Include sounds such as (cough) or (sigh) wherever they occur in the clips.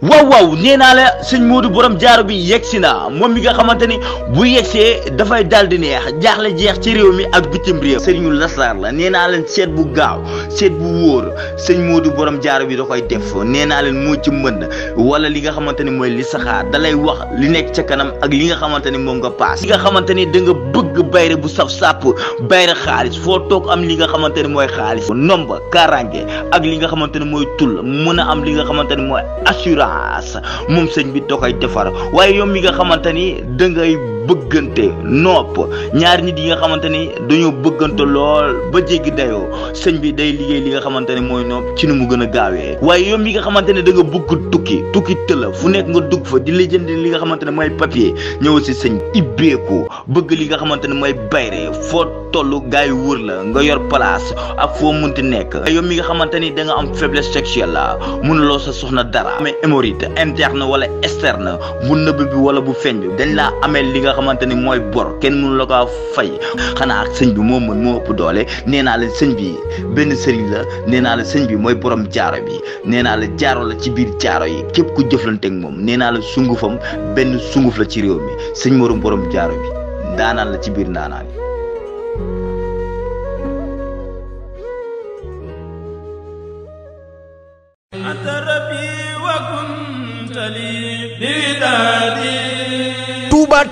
waaw waaw nee naa la sëñ Modou borom jaaro bi yegg si na moom li nga xamante ni bu yeggsee dafay daal di neex jaaxle jeex ci réew mi ak bitim réew sëriñu lasaar la nee naa leen seet bu gaaw seet bu wóor sëñ Modou borom jaaro bi da koy def nee naa leen moo ci mën wala li nga xamante ni mooy li saxaar da lay wax li nekk ca kanam ak li nga xamante ni moom nga paas nga xamante ni da nga bëgg bayre bu saf sàpp bayre xaalis foo toog am li nga xamante ni mooy xaalis nomba karange ak li nga xamante ni mooy tul mën a am li nga xamante ni mooy assurance baas moom sëñ bi da ay defar waaye yow mi nga xamante ni dangay bëggante nopp ñaari nit yi nga xamante ni dañoo bëggante lool ba jéggi dayoo sëñ bi day liggéey li nga xamante ne mooy nopp ci nu mu gën a gaawee waaye yow mi nga xamante ne da nga bëgg tukki tukki tëla fu nekk nga dugg fa di la jënd li nga xamante ne mooy papier ñëw si sëñ ibbeeku bëgg li nga xamante ne mooy bayre foo tollu gars yi wër la nga yor place ak foo ti nekk yow mi nga xamante ni da nga am faiblesse sexuelle la mënuloo sa soxna dara amee hémorroïde interne wala externe wala bu feeñ bi dañ xamante ni mooy bor kenn mënu la kaa fay xanaa ak sëñ bi moom mën moo ëpp doole nee naa la sëñ bi benn sëriñ la nee naa la sëñ bi mooy borom jaaro bi nee naa la jaaro la ci biir jaaro yi képp ku jëflanteeg moom nee naa la sungufam benn sunguf la ci réew mi sëñ morom borom jaaro bi ndaanaan la ci biir ndaanaan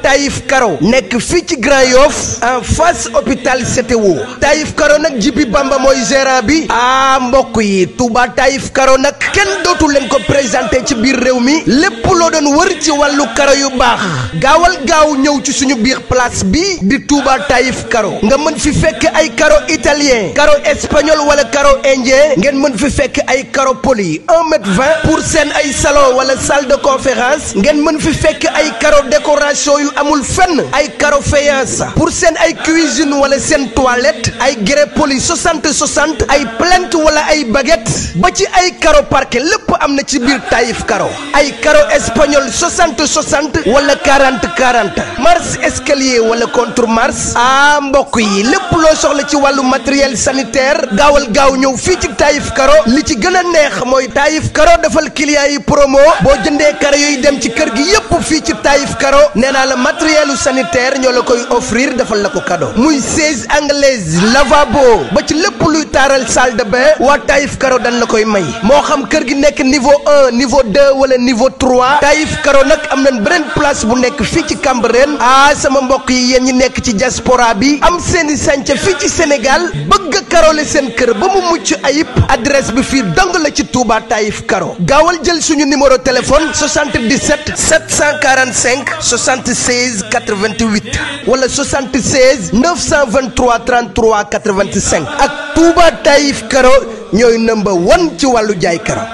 टाइफ करो ने nekk ci Grand Yoff en face hôpital CTO Taïf Karo nag Jibi Bamba mooy gérant bi ah mbokk yi Touba Taïf Karo nag kenn dootu leen ko présenté ci biir réew mi lépp loo doon wër ci wàllu karo yu baax gaawal gaaw ñëw ci suñu biir place bi di Touba Taïf Karo nga mën fi fekk ay karo italien karo espagnol wala karo indien ngeen mën fi fekk ay karo poli 1 mètre pour seen ay salon wala salde de ngeen mën fi fekk ay karo décoration yu amul fenn ay carofeyeuse pour seen ay cuisine wala seen toilette ay grès poli 60 60 ay plinthe wala ay baguette ba ci ay caro parquet lépp am na ci biir Taïf Caro ay caro espagnol 60 60 wala 40 40 marche escalier wala contre marche ah mbokk yi lépp loo soxla ci wàllu matériel sanitaire gaawal gaaw ñëw fii ci Taïf Caro li ci gën a neex mooy Taïf Caro defal clients yi promo boo jëndee caro yooyu dem ci kër gi yépp fii ci Taïf Caro nee naa la matérielu sanitaire. Air ñoo la koy offrir defal la ko cadeau muy 16 anglaise lavabo ba ci lépp luy taaral salle de bain waa Taïf Karo dañ la koy may moo xam kër gi nekk niveau 1 niveau 2 wala niveau trois Taïf Karo nag am nañ beneen place bu nekk fii ci Cambérène ah sama mbokk yi yéen ñi nekk ci diaspora bi am seeni sànca fii ci Sénégal bëgg a karole seen kër ba mu mucc ayib adresse bi fii dong la ci Touba Taïf Karo gaawal jël suñu numéro téléphone 77 745 76 88. 88 wala 76 923 33 85 ak Touba Taïf Karo ñooy number one ci wàllu jaay karo.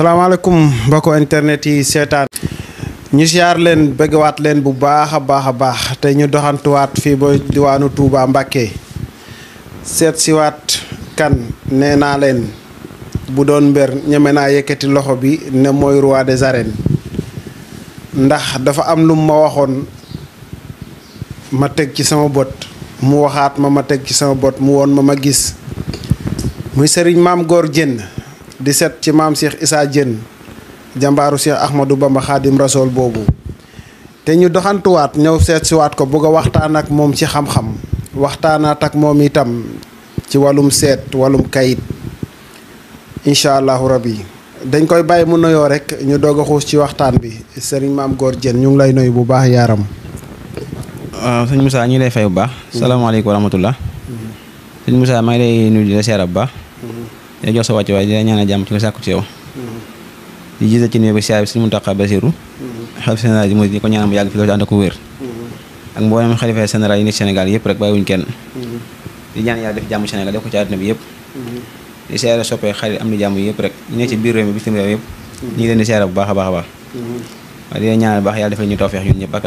salaamaaleykum internet yi seetaan. ñu siyaar leen bëggwaat leen bu baax a baax a baax te ñu doxantuwaat fii ba diwaanu Touba Mbacké seet siwaat kan nee naa leen bu doon mbër ñeme naa yëkkati loxo bi ne mooy roi des arènes ndax dafa am lu ma waxoon ma tek ci sama bot mu waxat ma ma tek ci sama bot mu won ma ma gis muy serigne mam gor jenn di set ci mam Cheikh isa jenn jambaru Cheikh Ahmadou Bamba khadim rasoul bobu te ñu ñew set ci wat ko bëgg a waxtaan ak mom ci xam-xam waxtaanaat ak mom itam ci walum set walum kayit inshallah rabbi dañ koy bàyyi mu nuyoo rek ñu doog a xuus ci waxtaan bi sëriñ maam Góor Diène ñu ngi lay nuyu bu baax yaaram. waaw ah, sëñ Moussa ñu lay fay bu baax. Mm-hmm. salaamaaleykum wa rahmatullah. Mm-hmm. sëñ Moussa maa ngi lay nuyu di la seera bu baax. Mm-hmm. di la jox sa wàccuwaay di la ko sàkku ci yow. ci nuyu bi siyaar bi sëñ Mountakha Bassirou. xalif général di ko ñaanal mu yàgg fi loolu ànd ko wér. ak mboolem xalifa général yi nekk Sénégal yëpp rek bàyyiwuñ kenn. di ñaan yàlla def jàmm Sénégal def ko ci àdduna bi yëpp. di siyaare soppee xarit am na jàmm yëpp rek ñu ne ci biir réew mi bitim réew yëpp ñu ngi leen di siyaare bu baax a baax a baax waaw di leen ñaanal baax yàlla defal ñu tawfeex ñun ñëpp ak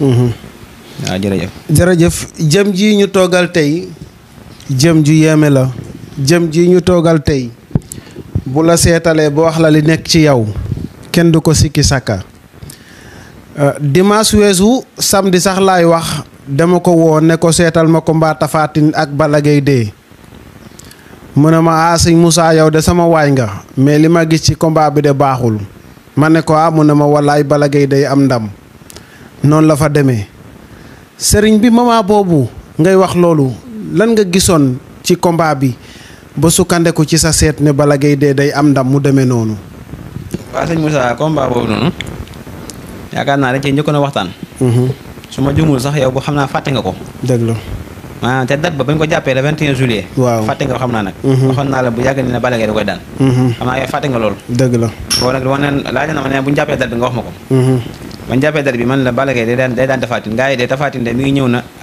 mhm. jërëjëf jëm ji ñu toogal tey jëm ju yéeme la jëm ji ñu toogal tey bu la seetalee ba wax la li nekk ci yow kenn du ko sikki sàkka euh, dimanche weesu samdi sax laay wax dama ko woo ne ko seetal ma ko mbaatafaatin ak bala gay dee mu ma ah Moussa yow de sama way nga mais lima gis ci combat bi de baxul ma ne ko a ah, mu ma day am ndam non la fa demee sëriñ bi mama bobu ngay wax loolu lan nga gisoon ci combat bi ba ko ci sa set ne balagay de day am ndam mu musa nonou wa seigne Moussa combat bobu non yakarna naa dañ cee njëkkoon waxtan hmm suma jumul sax yow bu xamna faté nga ko. deug ah te date ba bañ ko jàppee le 21 juillet. waaw fàtte nga xam naa nag. Mhm. waxoon naa la bu yàgg ni mhm. la boo ma ne bu ñu jàppee date bi mhm. la Balla Gaye day daan day daan tafaatin na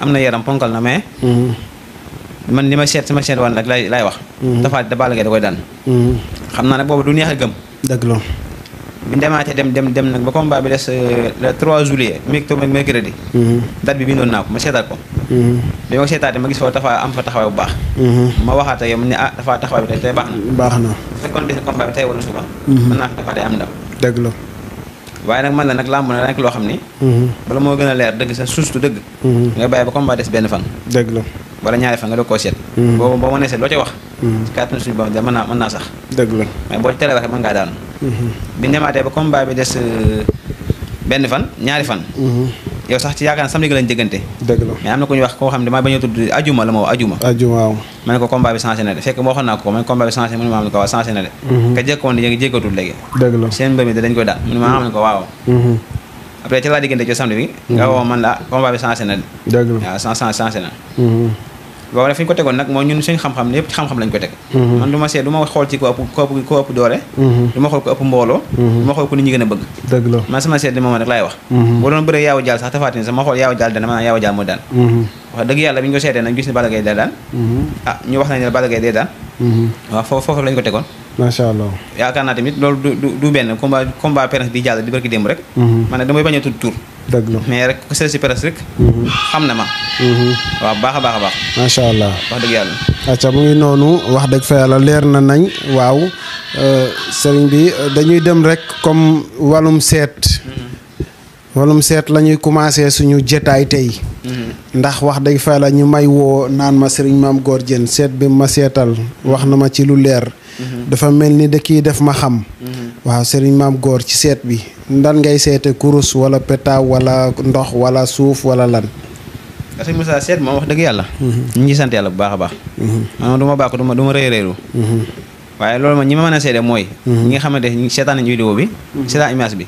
am na da koy daan. xam naa nag boobu du a gëm. dëgg la bi demaatee dem dem dem nag ba combat bi des euh, le 3 juillet micto mercredi mm-hmm. date bi bindoon naa ko ma seetaat ko mm-hmm. bi ma ko seetaatee ma gis foofu dafa am fa taxawaay bu baax mm-hmm. ma waxaat ak ma ne ah dafaa taxawaay bi tey tey baax na baax na fekkoon des combat bi tey wala suba mën am ndam dëgg la waaye nag man la nag làmb na nekk loo xam ni bala moo gën a leer dëgg sa suustu dëgg nga bàyyi ba combat des benn fan dëgg la wala ñaari fan nga doo koo seet boobu boo mënee seet loo ca wax si kàttanu suñu borom da mën naa mën naa sax dëgg la mais boo ci teree waxee mën ngaa daanu bi ñu demaatee ba combat bi des euh, benn fan ñaari fan. Mhm. yow sax ci yaakaar naa samedi nga jëggante. dëgg am na ku ñu wax koo xam ne maa bañ a tudd ajuma la ma wax ajuma. ajuma ma ne ko combat bi changé na de fekk waxoon naa ko ma am mhm. mhm. ne ko waaw après ci laa diggante ci samedi bi. nga woo man la ah, combat bi changé na de. waaw changé changé na. boobu nag fi ko tegoon nag mooy ñun suñu xam-xam lépp ci xam-xam lañ ko teg mhm. man du ma seet ma xool ci ko ëpp ko ëpp ko ëpp doole mhm. du ma xool ko ëpp mbooloo mhm. du ma xool ko nit ñi gën a bëgg la man sama seet li moom rek laay wax boo bëree yaaw jaal sax tafaati sax ma xool yaaw jaal dana maanaam yaaw jaal moo daan wax dëgg yàlla bi ñu ko seetee nag gis ne Balla dee daan ah ñu wax nañ ne Balla dee daan waaw foofu foofu lañ ko tegoon macha allah yaakaar naa tamit loolu du du benn combat combat presse di jàll di barki démb rek. Mhm. man nag damay bañ a tudd tur. dëgg la mais rek ku seet si presse rek. xam na ma. waaw baax a baax a baax. macha allah wax dëgg yàlla. acca mu ngi noonu wax dëgg fa yàlla leer na nañ waaw eh, sëriñ bi eh, dañuy dem rek comme wàllum seet. Mhm. wàllum seet la ñuy commencé suñu jetaay tey. Mhm. ndax wax dëgg fa la ñu may woo naan ma sëriñ maam góor jën seet bi ma seetal wax na ma ci lu leer dafa melni ni ki def ma xam mm-hmm. wa serigne mam gor ci set bi ndan ngay sété kurus wala peta wala ndox wala suuf wala lan ah, serigne Moussa set moom wax deug yalla mm-hmm. ñi ngi sant yalla bu baax a baax maanaam mm-hmm. ah, du ma bàkku du ma du ma réeréeru waaye loolu ma ñi ma mën a ñi nga xamante vidéo bi seetaan image bi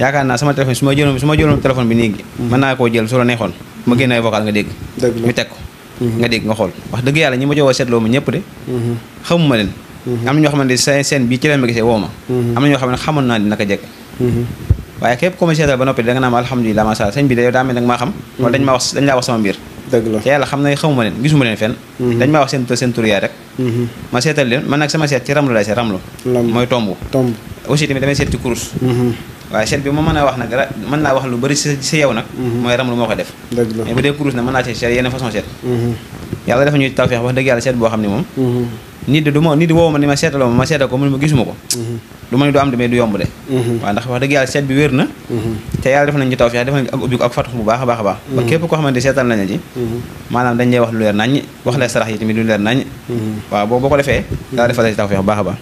yaakaar sama téléphone suma jëlum suma jëlum téléphone bi nii man na ko jël solo neexon ma gënay vocal nga deg ñu tek ko nga deg nga xol wax deug yalla ñima jowo set lo ma de xamuma len Mm-hmm. am na ñoo xamante ne seen bii ci ma gisee woo ma mm-hmm. am na ñoo xam ne xamoon naa di naka jekk mm-hmm. waaye képp ku ma seetal ba noppi da nga naan ma alhamdulilah macha allah sëñ bi da yow daa mel nag maa seen seen tur yaay a dafa ñuy tawfeex wax dëgg yàlla seet boo xam ne moom nit du ma nit woowu ma ni ma seetaloo ma ma seetal ko mu ne ma gisuma ko mhm. du ma ne du am de mais du yomb de mhm. waaw ndax wax dëgg yàlla seet bi wér na mhm. te yàlla def nañ ci tawfeex def nañ ak ubbi ko ak fatu bu baax a a baax ba képp koo xamante seetal nañ la ci maanaam dañ lay wax lu leer nañ defal la ci tawfeex bu baax a baax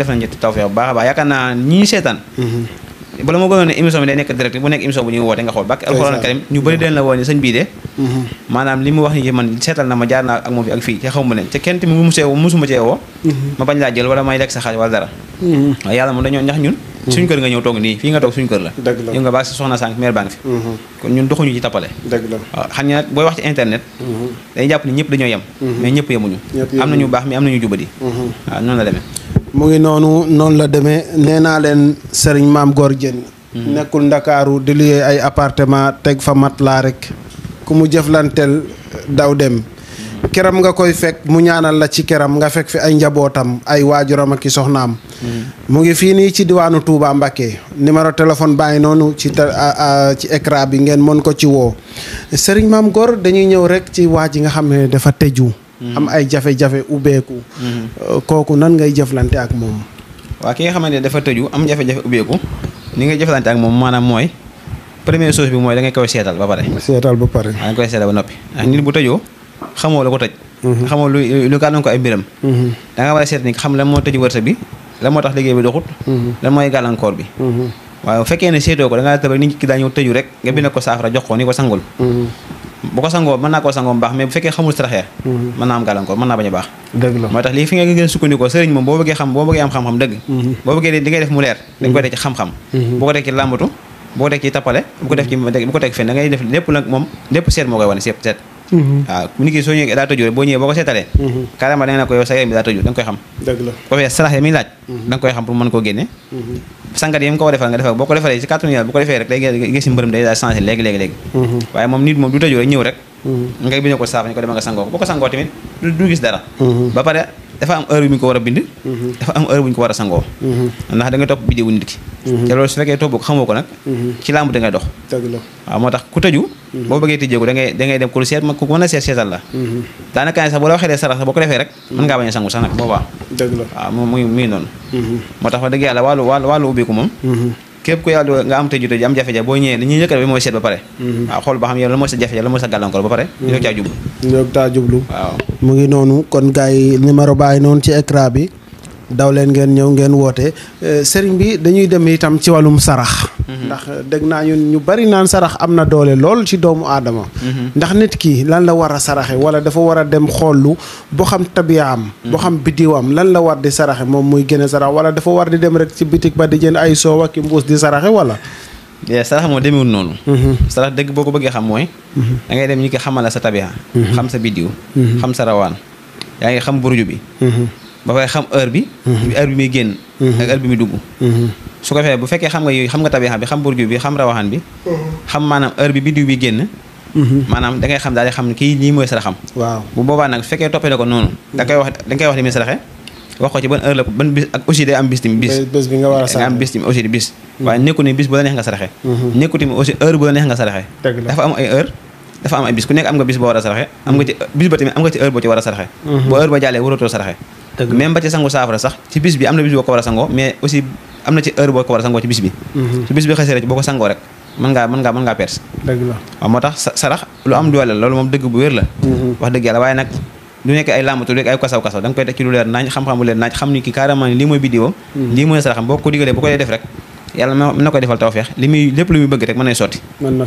jërëjëf a naa ñi seetaan bala ma gënoon ne émission bi day nekk direct bu nekk émission bu ñuy woote nga xool bàkk alxuraan karim ñu bëri den la woo ne bii de mm-hmm. maanaam li mu wax ni man seetal na ma jaar naa ak moom fi ak fii te xaw ma leen te kenn tamit mu musee woo musuma cee woo mm-hmm. ma bañ laa jël wala may mm-hmm. kër nga ñëw toog nii fii nga toog suñu kër la yow nga baax si soxna sànq mère doxuñu ci tappale xam nga nag booy wax ci internet dañuy jàpp ni ñëpp dañoo yem mais ñëpp yemuñu am nañu baax mi am nañu jubadi waaw noonu la demee mu ngi noonu noonu la demee nee naa leen sëriñ maam Gor Dieng mm-hmm. nekkul ndakaaru di luyee ay appartement teg fa mat laa rek ku mu jëflanteel daw dem mm-hmm. keram nga koy fekk mu ñaanal la ci keram nga fekk fi ay njabootam ay waajuram ak i mm-hmm. mu ngi fii nii ci diwaanu Touba Mbacké numéro téléphone bàyyi noonu ci ci écran bi ngeen mën ko ci woo sëriñ maam Gor dañuy ñëw rek ci waa ji nga xam ne dafa tëju am ay jafe-jafe ubbeeku. Mm-hmm. kooku nan ngay jëflante ak moom. waa ki nga xamante ne dafa tëju am jafe-jafe ubbeeku ni ngay jëflante ak moom maanaam mooy première chose bi mooy da ngay koy seetal ba pare. seetal ba pare. da koy seetal ba noppi ndax ah, nit bu tëjoo xamoo la ko tëj. Mm-hmm. xamoo lu lu gàllankoor ay mbiram. Mm-hmm. da nga war a seet xam lan moo tëju wërsëg bi lan moo tax liggéey bi doxut. lan mooy gàllankoor bi. waaw bu fekkee ne seetoo ko da ngaa nit ki daa ñëw tëju rek nga bind ko saafara jox ko ni ko sangul. bu ko sangoo mën naa koo sangoo mbaax mais bu fekkee xamul saraxee mhm. mën naa am gàllankoor mën naa bañ baax dëgg tax lii fi nga gën a sukkandikoo sëriñ moom boo bëggee xam boo bëggee am xam-xam dëgg mhm. boo bëggee li ngay def mu leer dañ koy teg mhm. ci xam-xam boo ko teg ci làmbatu boo ko teg ci tappale bu ko def ci bu ko teg fenn da def lépp lépp seet moo koy wane seet waaw nit ki soo ñëwee daa tëju boo ñëwee boo ko seetalee mhm. carrément da ne ko yow sa daa tëju da koy xam dëgg fee sarax yi muy laaj mhm. da koy xam pour mën koo génne mhm. sangat yi mu ko defal nga defal boo ko defalee si kàttanu yàlla bu ko defee rek day gis mbërëm day daal changé léegi léegi waaye moom nit moom du tëju rek ñëw rek nga bi ne ko saaf ñu ko demal nga sangoo ko boo ko sangoo tamit du gis dara ba pare dafa am heure bu ko war a bind dafa am heure bu ko war a sangoo ndax da nga topp biddiwu nit ki te loolu su ko nag ci làmb da ngay dox waaw moo tax boo bëggee tëjee ko da da ngay dem ku seet ku mën a seet seetal la daanaka sax bu la waxee sarax sax boo ko defee rek mën ngaa bañ a sangu sax nag boobaa waaw muy muy noonu mhm. moo tax wax dëgg yàlla wàllu wàllu wàllu ubbiku moom mhm. képp ku yàlla nga am te jute am jafe-jafe boo ñëwee li ñuy njëkk a mooy seet ba pare mhm. waaw xool ba xam yow lan mooy sa jafe-jafe lan mooy sa gàllankoor ba pare mhm. ñu doog caa jublu ñu doog jublu waaw mu ngi noonu kon gars yi numéro noonu ci écran bi daw ngeen ñëw ngeen woote eh, sëriñ bi dañuy dem itam ci wàllum sarax Mhm. ndax eh, dégg naa ñun ñu bari naan sarax am na doole lool ci doomu aadama mhm. ndax nit ki lan la war a saraxe wala dafa war a dem xoollu boo xam tabiyaam boo mhm. xam bidiwam lan la war di saraxe moom muy gën a sarax wala dafa war di dem rek ci bitik ba di jënd ay soow ak mbuus di saraxe wala sarax moo demewul noonu sarax dëgg boo ko bëggee xam mooy da ngay dem ñu ko xamala sa tabiya xam sa bidiw xam sa yaa ngi xam buruju bi ba fay xam heure bi heure bi muy génn ak su ko fe bu fekke xam nga yoy xam nga tabixa bi xam burju bi xam rawahan bi mhm. xam manam heure bi biddiw bi genn manam mhm. da ngay xam daal di xam kii lii mooy saraxam waaw bu boba nak fekke topé lako noonu da kay wax da ngay koy wax li muy saraxe wax ko ci ban heure la ban bis ak aussi day am bis tim bis bis bi nga wara a am bis tim aussi bis mhm. waye neeku ni bis bu la neex nga saraxe neeku tim aussi heure bu la neex nga saraxe dafa am ay heure dafa am ay bis ku nekk am nga bis bo wara a saraxe am nga ci bis ba tim am nga ci heure bo ci wara a saraxe bu heure ba jalé jàllee waratoo saraxe même ba ci sangu safara sax ci bis bi amna bis bo ko wara sango mais aussi am na ci heure boo ko war a sangoo ci bis bi mhm. su bis bi xasee rek boo ko sangoo rek mën ngaa mën ngaa mën ngaa perte dëgg moo tax sarax lu am doole la loolu moom dëgg bu wér la mhm. wax dëgg yàlla waaye nag du nekk ay làmbatu rek kasaw kasaw da koy teg ci lu leer naañ xam-xam bu xam ni ki carrément lii mooy biddiwam mhm. lii mooy saraxam boo ko digalee bu ko def rek yàlla na koy defal tawfeex li muy lépp lu muy bëgg rek mën nay sotti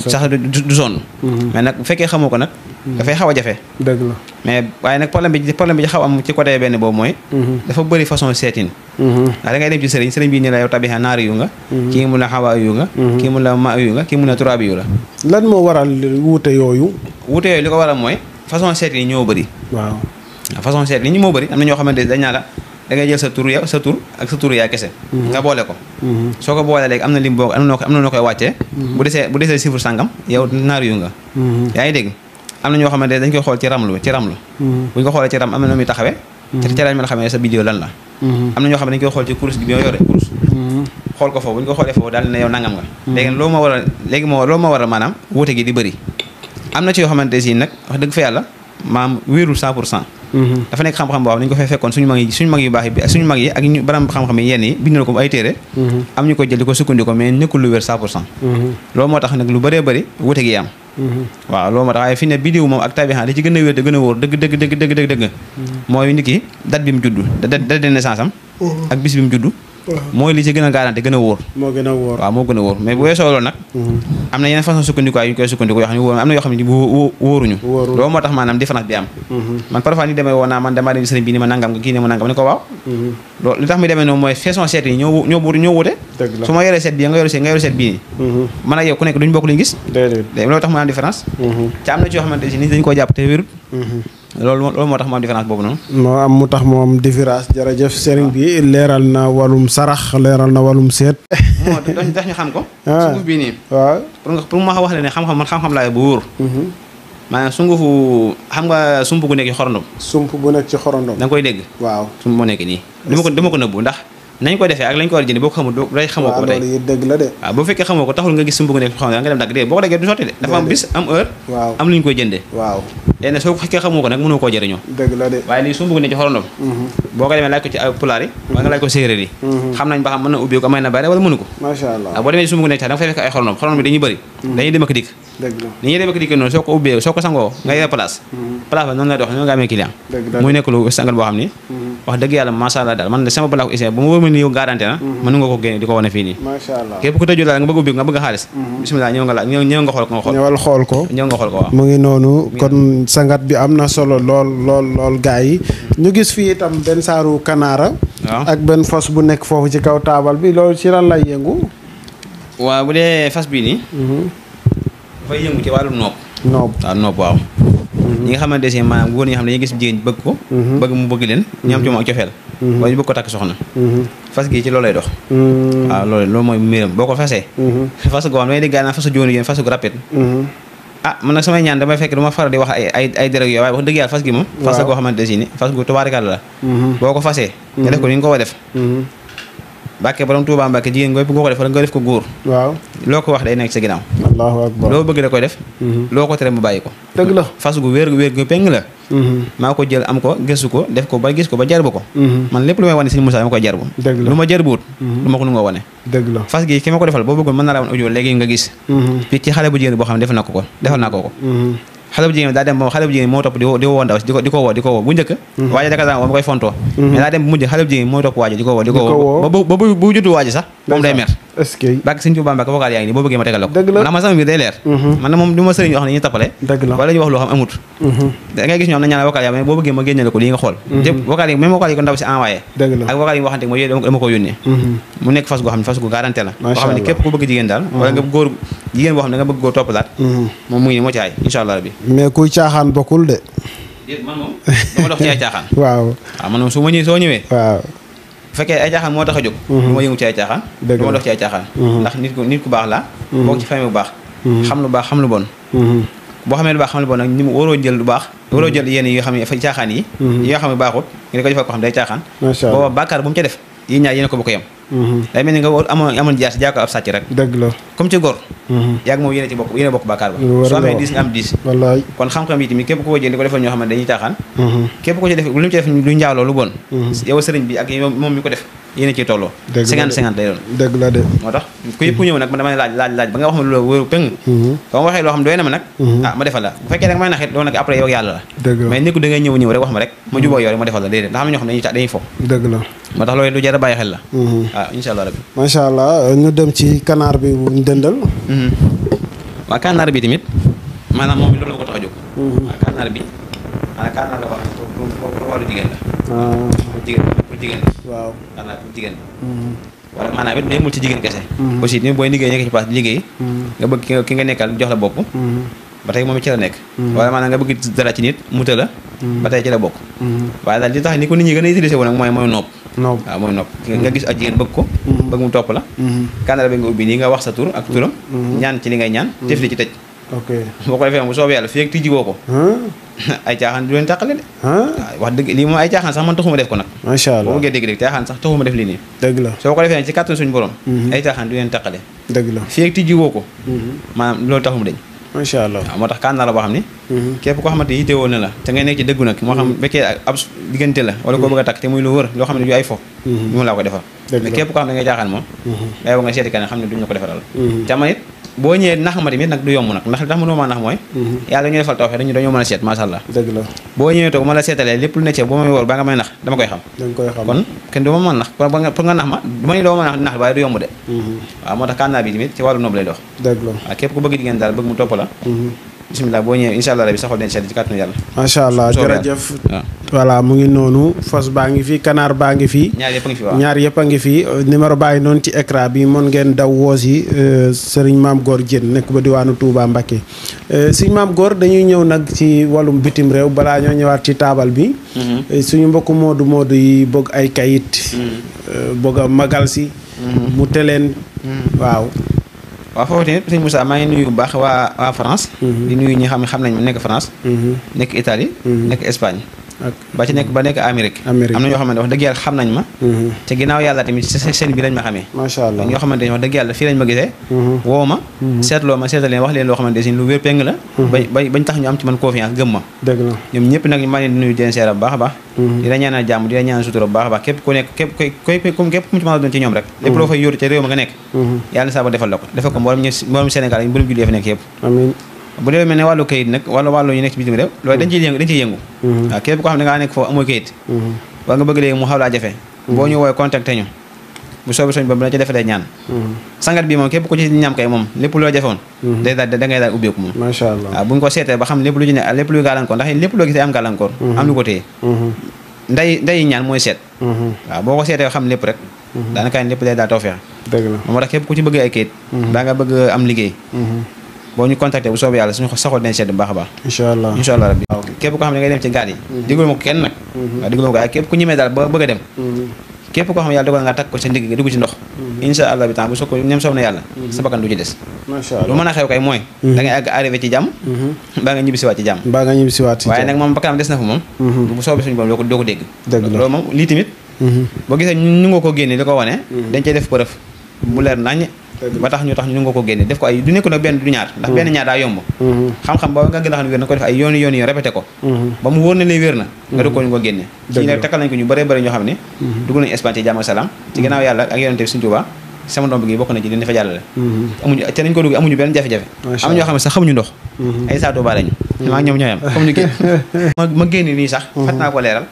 sax du sonn mhm. mais nag bu fekkee xamoo ko nag mhm. dafay xaw a jafe dëgg la mais waaye nag problème bi problème bi xaw am ci côté benn boobu mooy mhm. dafa bëri façon seetin ndax da dem ci sëriñ sëriñ bi ne la yow tabixa naari nga kii mun la xawaa nga kii mun la ma yu nga kii mun la turaabi yu la lan moo waral wuute yooyu wuute yooyu li ko waral mooy façon seet yi ñoo bëri waaw façon seet yi na ñoo xamante dañ naa da ngay jël sa tur yow sa tur ak sa tur yaa kese. Mhm. nga boole ko. Mhm. soo ko boolee léegi am na lim boo am na am na noo koy wàccee. Mhm. bu desee bu desee chiffre sangam yow naar yu nga. yaa ngi dégg am na ñoo xamante dañ koy xool ci ramlu ci ramlu. bu ñu ko xoolee ci ram am na taxawee. te ca lañ mën a xamee sa lan la. na ñoo xam ne dañ koy xool ci course bi bi yore course. xool ko foofu bu ñu ko xoolee foofu daal ne yow nangam nga. léegi loo ma war a léegi moo loo ma war a maanaam wuute gi di bëri am na ci yoo xamante si nag wax dëgg fa yàlla maam wéerul 100 pour 100 Mm-hmm. dafa nekk xam-xam boo xam dañu ko fay fekkoon suñu mag yi suñu mag yu baax yi suñu mag yi ak ñu baram xam-xam yi yenn yi bind na ko ay téere mm-hmm. am ñu ko jël di ko sukkandiko mais nekkul lu wér 100 pour cent mm-hmm. loolu moo tax nag lu bëree bëri wute gi am waaw loolu moo tax waaye fi ne biddiw moom ak tabixa li ci gën a wér da gën a wóor dëgg dëgg dëgg dëgg dëgg mooy nit ki date bi mu judd date de naissance am ak bis bi mu judd mooy li ci gën a garanti gën gën a wóor waaw moo gën a wóor mais bu weesoo loolu nag mm-hmm. am na yeneen façon sukkandikuwaay yu ñu koy sukkandiku am na yoo ku nekk duñ bokk liñ gis loolu tax mu am différence mm-hmm. te am na ci yoo xamante ni dañ koo jàpp te wérut mm-hmm. loolu moo moo tax mu am différence boobu noonu. moo am mu tax mu am différence jërëjëf sëriñ bi leeral na wàllum sarax leeral na wàllum seet. moo tax ñu xam ko. (laughs) Ah. sunguf bii nii. waaw pour nga pour ma wax la ne xam-xam man xam buur laay mhm. bu sungufu xam nga sump gu nekk ci xorondom. sump bu nekk ci xorondom. da koy dégg. waaw sump moo nekk nii. dama ko ko nëbbu ndax. nañ ko defé ak lañ ko war jëni jënd xamul do ray xamoo ko tey dëgg la de waaw ah, bu fekkee xamoo ko taxul nga gis sumbu nga nekk xam nga dem dag dé boko ko du sotti dé dafa am bis am heure waaw am luñ koy jëndé waaw léegi nag soo ko fekkee xamoo ko nag mënoo koo jëriñoo dëgg la de waaye lii sumbu ne ci xorondom hmm boko démé lay ko ci pulaar yi ba mhm. nga lay ko séeréer yi mhm. xam nañ ba xam mëna ubbi ko may na bari wala mënu ko ma sha allah ah bo démé sumbu nekk da nga fay fekk ay xorondom xorondom bi dañuy bari mhm. dañuy dem ak dikk dëgg la ni ñi dem ak dikk noonu soo ko ubbee soo nga yé place place non noonu lay dox noonu nga amé client muy nekk lu sangal bo xamni wax wax yalla ma sha allah dal man sama balaa ko essayé mu ni yow garanti na man nga ko génne di ko wane fii nii képp ku tëju daal nga bëgg ubbi nga bëgg xaaliss bismillah ñëw nga la ñëw nga xol ko xol ñëwal ko ñëw nga xol ko mo ngi nonu kon sangat bi amna solo lol lol lol gaay yi ñu mhm. gis fi itam ben saaru kanara ak ben fas bu nekk fofu ci kaw taabal bi lol ci lan lay yëngu wa bu dé fas ni hmm fay yëngu ci walu noob noob waaw noob waaw mhm. ñi nga xamanté ci manam goor ñi xam gis bëgg ko mhm. bëgg mu bëgg leen ci mo ak wala mm-hmm. ñu bëgg ko takk soxna mm-hmm. fas gi ci loolay dox mm-hmm. waaw loolu loolu mooy mbiram boo ko fasee fas goo xam ne di gànnaaw fasu jóoni yéen fasu rapide ah man nag samay ñaan damay fekk du ma faral di wax ay ay ay déreg yooyu waaye wax dëgg fas gi moom fas la goo xamante si ni fas gu tubaarikàlla la boo ko fasee nga def ko ni nga ko def Mbàkke borom Touba Mbàkke jigéen nga ko defal nga def ko góor loo ko wax day nekk sa ginnaaw loo bëgg da koy def mhm. loo ko tere mu bàyyi ko dëgg la fas gu wéer wéer gu peng la mhm. maa ko jël am ko gëstu ko def ko ba gis ko ba jarbu ko mhm. man lépp lu may wane Sëñ Moussa ma koy jarbu dëgg la lu ma jarbuut lu ma ko nu nga wane dëgg la fas gi ki ma ko defal boo bëggoon mën naa la wan audio léegi nga gis ci xale bu jigéen boo xam ne def na ko ko defal naa ko ko xale bu jigéen daa topp di di ndaw si di ko di di ko woo bu njëkk mhm. waajo daka daan woo ma koy fontoo mhm. mais daa dem bu mujj xale bu jigéen mooy topp waajo moom day nii moo ci aay allah rabbi mais kuy caaxaan bokkul de. déet man moom dama dox ci ay caaxaan. (laughs) waaw waaw ah, su ma ñëwee soo ñëwee. waaw. bu fekkee ay caaxaan moo tax a jóg. Mhm. du ma yëngu ci ay caaxaan. dëgg la du ma dox ci ay caaxaan. Mhm. ndax nit ku nit ku baax laa. Mhm. bokk ci fa bu baax. xam lu baax xam lu bon. boo xamee lu baax xam lu bon nag ni mu jël lu baax. waroo jël yenn yi nga xam ne caaxaan yi. yi xam ne baaxut nga ko xam day caaxaan. macha allah booba bu mu ca def yi ñaar yéen a ko bokk yam Mm-hmm. day mel ni nga amoon amoon jaas jaa ko ab sàcc rek comme ci góor mm-hmm. yàgg moom yéene ci bokk yéene ba soo amee dix nga am dix kon xam-xam yi tamit képp ko jël di ko defal ñoo xam mm-hmm. wax ma lu ma waxee loo ah ma defal la bu fekkee ndax am na ñoo xam ne dañuy fo dëgg la moo tax loolu lu xel la ah inshallah rabbi allah eh, ñu dem ci kanar bi buñ dendal mhm. wa kanar bi tamit manam mom lolu ko taxaju kanar mhm. bi ana kanar la wax ko walu jigen la jigen ko jigen waaw ana ko jigen wala manam it demul ci jigen kesse mhm. aussi ni boy liggey nek ci pass liggey nga bëgg ki nga nekkal jox la bop ba tey moom ci la nekk wala maanaam nga bëgg dara ci nit muta la ci la bokk waaye daal li tax ni ko nit ñi gën a wu nag mooy mooy nopp noob waaw ah, mooy nopp nga gis ak jigéen bëgg ko mm-hmm. bëgg mu topp la mm-hmm. kàndara bi nga ubbi nii nga wax sa tur ak turam mm-hmm. ñaan ci li ngay ñaan def li ci tëj ok boo ko defee bu soobee yàlla fii (laughs) ay caaxaan du leen tàqale de wax ay caaxaan sax man taxuma def ko nag macha allah boo bëggee dégg-dégg caaxaan sax taxuma def lii nii dëgg la soo ko ci kàttan suñu borom ay caaxaan du leen tàqale dëgg la fii ak tijji woo ko maanaam taxuma macha allah waaw moo tax kànnaar la boo xam ni mm-hmm. képp koo xamante yittewoo na la te ngay nekk ci dëggu nag moo xam mm-hmm. bekkee ab diggante la wala koo mm-hmm. bëgg a takk te muy lu wër loo xam ne yu ay fo ñu mu laa ko defal mais képp koo xam ne ngay jaaxaan moom day ba nga seeti keneen xam ne duñu la ko defaral te boo ñëwee nax ma tamit nag du yomb nag ndax li tax mënoo maa nax mooy mhm. yàlla ñu defal tawfeex dañu mën a seet macha allah la boo ñëwee toog ma la seetalee lépp lu ne ci boo may wóor ba nga may nax dama koy xam kon kenn du ma nax pour nga nax ma du ma ne nax nax waaye du yomb de mhm. waaw moo tax kànnaa bi tamit ci wàllu noob lay dox dëgg la waaw képp ku bëgg jigéen daal bëgg mu topp la mhm. bisimilah boo ñëwee incha allah rabi saxol den sedd ci kàttanu yàlla. voilà mu ngi noonu fas baa ngi fii kanaar baa ngi fii ñaar yëpp a ngi fi waaw ñaar yëpp a ngi fi numéro baa ngi noonu ci écran bi mën ngeen daw woos yi euh, sëriñ maam goor Dieng nekk ba diwaanu tuuba Mbacké. Euh, sëriñ maam goor dañuy ñëw nag ci wàllum bitim réew balaa ñoo ñëwaat ci taabal bi. Mhm. Euh, suñu mbokk moodu moodu yi bëgg ay kayit. Mhm. bëgg a magal si. Mhm. mu teleen waaw. waaw foofu tamit sëñ Moussa maa ngi nuyu bu baax waa waa France. Mhm. di nuyu ñi xam ne xam nañ ma nekk France. Mhm. nekk Italie. Mhm. nekk Espagne. ba ci nekk ba nekk Amérique am na ñoo xamante wax dëgg yàlla mhm. fii lañ ma gisee mhm. woo ma mhm. seetloo ma seetal wax leen loo xamante ne ñoom ñëpp nag maa ngi nuyu di leen baax a baax di la ñaanal jàmm di la ñaanal sutura bu baax baax képp ku nekk képp ku mu ci mën a doon ci ñoom rek lépp loo fay yóotu ca réew ma nga nekk yàlla na saa defal la ko defal ko mboolem Sénégal yi mboolem jullit fa nekk yëpp bu dee mel ne wàllu kayit nag wala wàllu ñu nekk ci bitim réew loolu dañ ciy yëngu dañ ciy yëngu mm-hmm. waaw képp koo xam ne nekk foofu amoo kayit mm-hmm. war nga bëgg léegi mu xaw laa jafe mm-hmm. boo ñu bu soobee suñ boobu dina ñaan sangat bi moom képp ku moom lépp loo jafewoon day daal da ngay daal ubbeeku moom macha allah waaw bu ko seetee ba xam lépp luy gàllankoor ndax lépp loo gisee am am lu ko téye nday nday ñaan mooy seet waaw boo ko seetee xam lépp rek daanaka lépp day daal tawfeex dëgg la moo tax képp ku ci bëgg ay kayit daa nga bëgg am liggéey boo ñu contacté bu soobee yàlla suñu saxool den sedd bu ba inshallah inshallah rabbi waaw képp koo xam ngay dem ci gaal mm-hmm. digul mo kenn nak digul mo ko waaye képp ku ñemee dal ba bëgg dem mm-hmm. képp ko xam yalla yàlla dogal nga tak ko ci ndig gi dugg ci ndox mm-hmm. inshallah bi ta bu soo ko ñem soob na sa bakkan du ci dess macha allah lu mën xew kay moy da ngay ag arrivé ci jam ba nga ñibisi wat ci jam ba nga ñibisi wat ci waye nak mom bakkanam dess na fu mom bu soobee suñu bam doo ko dégg loolu moom lii tamit boo gisee ñu nga ko génne li ko wane dañ ci def preuve bu leer nañ ba tax ñu tax ñu nga ko génne def ko ay du nekk nag benn du ñaar ndax benn ñaar yomb mhm. xam-xam ba nga gën a xam ne dugg nañu Espagne ci jàmm salaam ci mhm. gannaaw yàlla ak yonente bi suñu sama doom bi gi bokk na ci li ñu jàllale mhm. amuñu te nañ ko dugg amuñu benn jafe-jafe am ñoo xam ne sax xamuñu ndox ay saa Tuubaa lañu maa ngi ñoom ñooyam xamuñu génn (laughs) ma génn nii sax fat naa ko leeral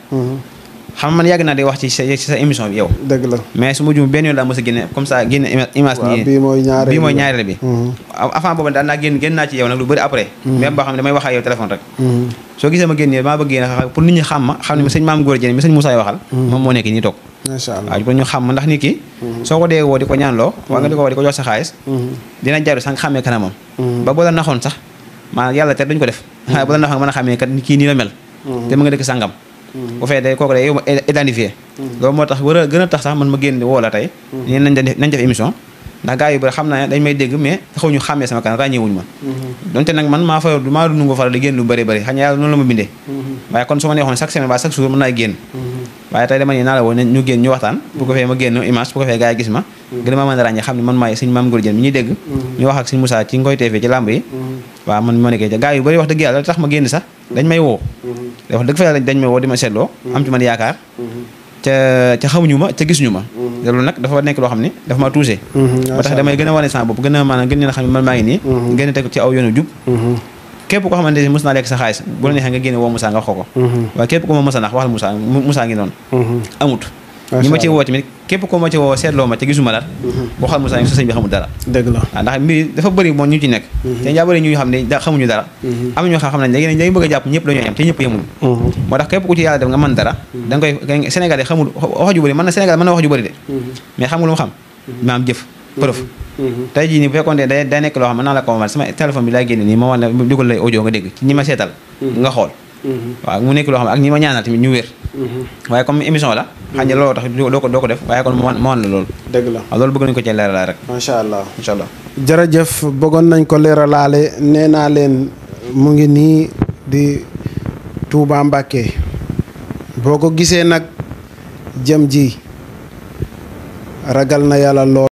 xam man yàgg naa di wax ci sa ci sa émission bi yow. dëgg la mais su ma juum benn yoon laa mos a génne comme ça génne image. bi mooy ñaareel bi. Mm-hmm. avant boobu daan naa génn naa ci yow nag lu bëri après. Mm-hmm. même boo xam mm-hmm. ma génne maa ma xam maam Góor Dieng mi sëñ ma ndax nit ki. soo ko dee woo di ko ñaanloo. waa nga di ko woo di ko jox sa xaalis. dina jaru sax nga kanamam. ba boo la naxoon sax maanaam yàlla te duñ ko def. (laughs) boo naxoon mën a xàmmee kat kii nii la mel. te mu nga dëkk sàngam bu fee day kooku day yow ma identifié loolu moo tax war a gën a tax sax man ma génn woo la tey mm-hmm. nii nañ def nañ ndax gars yu bëri xam naa dañ may dégg mais naa la woo ñu génn ñu waxtaan bu mm-hmm. fee ma génn image bu fee gars yi gis ma mm-hmm. gën a ma a ràññee xam ne man maay sëñ maam Ngor Jeen mi ñuy dégg ñu wax ak sëñ ci Ngoy TV ci làmb yi waaw man ma nekkee gars yu bëri wax dëgg yàlla tax ma génn sax dañ may woo wax dëgg fa yàlla dañ ma woo di ma mm-hmm. am ci man yaakaar mm-hmm. ca xamuñu ma ca gisuñu ma mm-hmm. loolu nag dafa nekk loo xam ne dafa maa touché ba tax damay gën a wane sama bopp gën a a gën leen a xam ne man maa ngi nii gën a teg ci aw yoonu jub képp koo xamante ne naa lekk sa xaalis bu neexee nga génne woo Moussa nga wax ko ko waaye képp ko ma Moussa nax waxal Moussa ngi noonu amut ñi ma ci woo tamit képp koo ci woo seetloo ma ca gisuma dara mhm. waxal Moussa so xamul dara dëgg la waaw ndax mbir dafa bëri moom ñu ci nekk mhm. te daa bëri ñu xam ne xamuñu mhm. bëgg a jàpp ñëpp dañoo yem te ñëpp yemuñu da nga koy Sénégal yi xamul wax ju bëri mën na Sénégal mën na wax ju bëri xam maam jëf preuve tey loo xam ne naa la ko sama téléphone bi laa génne nii ma wan la dugal lay audio nga dégg ñi ma seetal nga xool Mm-hmm. waaw mu nekk loo xam ak ñi ma ñaanal tamit ñu wér mm-hmm. waaye comme émission la mm-hmm. xañ looloo tax doo ko doo ko def waaye kon moo moo la loolu dëgg la waaw loolu bëgg nañ ko cee leeralaale rek macha allah macha allah jërëjëf bëggoon nañ ko leeralaale nee naa leen mu ngi nii di Touba Mbacké boo ko gisee nag jëm ji ragal na yàlla lool